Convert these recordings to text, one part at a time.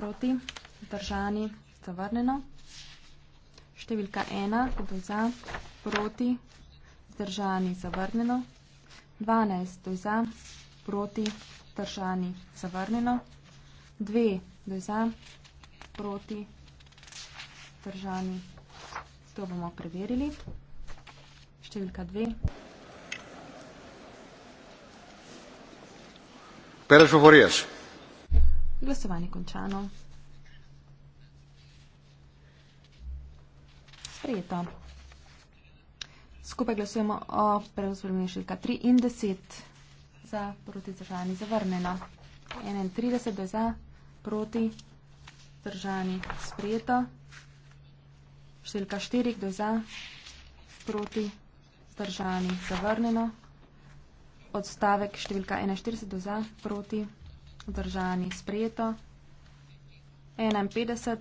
proti, vzdržani, zavrnjeno. Številka ena, kdo za, proti, vzdržani, zavrnjeno. Dvanajst, kdo za, proti, vzdržani, zavrnjeno. Dve, kdo za, proti, vzdržani, to bomo preverili. Številka dve. Pérez Juvorias. Glasovanje končano. Sprejeto. Skupaj glasujemo o preuzvrbenju šelka 3 in 10 za proti državni zavrnjena. 31 je za proti državni sprejeto. Šelka 4 je za proti državni zavrnjeno. Odstavek številka 41 je za proti državni zavrnjeno vzdržani, sprejeto. 51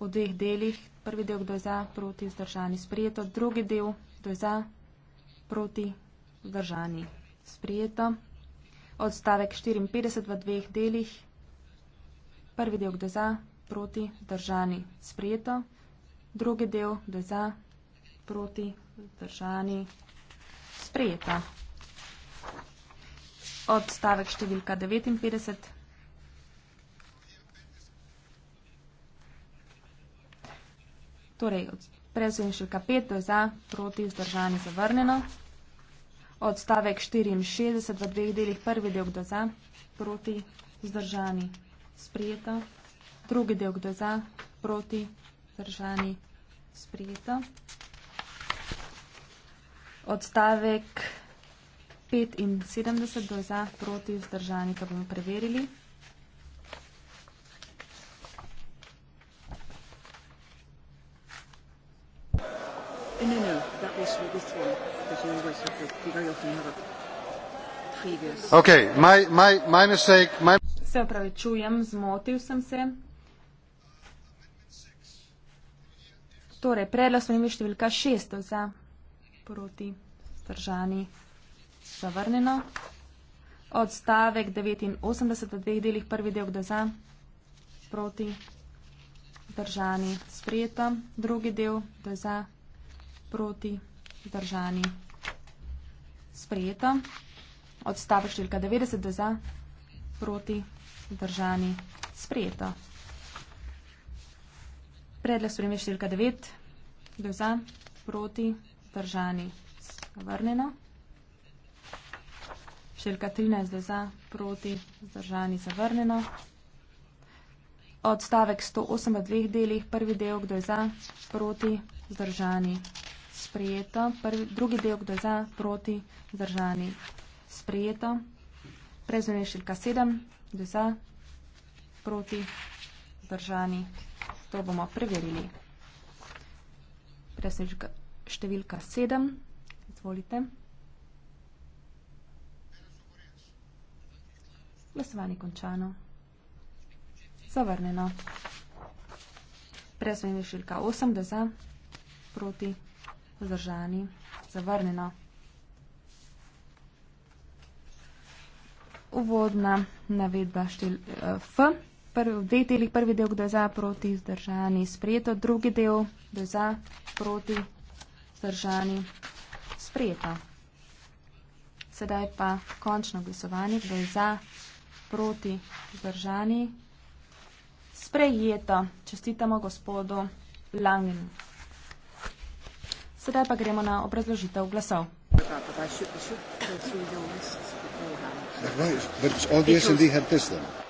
v dveh delih. Prvi del, kdo je za, proti, vzdržani, sprejeto. Drugi del, kdo je za, proti, vzdržani, sprejeto. Odstavek 54 v dveh delih. Prvi del, kdo je za, proti, vzdržani, sprejeto. Drugi del, kdo je za, proti, vzdržani, sprejeto odstavek številka 59. Torej, predstavljen številka 5, to je za, proti, vzdržani, zavrnjeno. Odstavek 64 v dveh delih, prvi del kdo za, proti, vzdržani, sprijeto. Drugi del kdo za, proti, vzdržani, sprijeto. Odstavek 64. 75 do za, proti vzdržani, to bomo preverili. Eh, no, no, that was with this one, because you always have to be very often have a previous. Okay, my, my, my mistake, my... Se opravičujem, zmotil sem se. Torej, predlog smo imeli številka 600 za proti vzdržani. Zavrnjeno. Odstavek 89 v dveh delih, prvi del kdo za, proti, držani, sprejeto, drugi del kdo za, proti, držani, sprejeto. Odstavek številka 90 kdo za, proti, držani, sprejeto. Predlog spremlja številka 9 kdo za, proti, držani, zavrnjeno. Šelka 13 za, proti, zdržani, zavrnjeno. Odstavek 108 v dveh delih, prvi del, kdo je za, proti, zdržani, sprejeto. Prvi, drugi del, kdo je za, proti, zdržani, sprejeto. Prezvene šelka 7, kdo je za, proti, zdržani, to bomo preverili. Prezvene številka 7, izvolite. Prezvene šelka 7, kdo je za, proti, zdržani, sprejeto. Glasovanje končano. Zavrnjeno. Prezvojenje šilka 8, da za, proti, zdržani, zavrnjeno. Uvodna navedba štil F. Prvi, dve deli, prvi del, kdo je za, proti, zdržani, sprejeto. Drugi del, kdo je za, proti, zdržani, sprejeto. Sedaj pa končno glasovanje, kdo je za, proti, zdržani, sprejeto proti zdržani. Sprejeta. Čestitamo gospodu Langen. Sedaj pa gremo na obrazložitev glasov. Right, but all the SD had this then.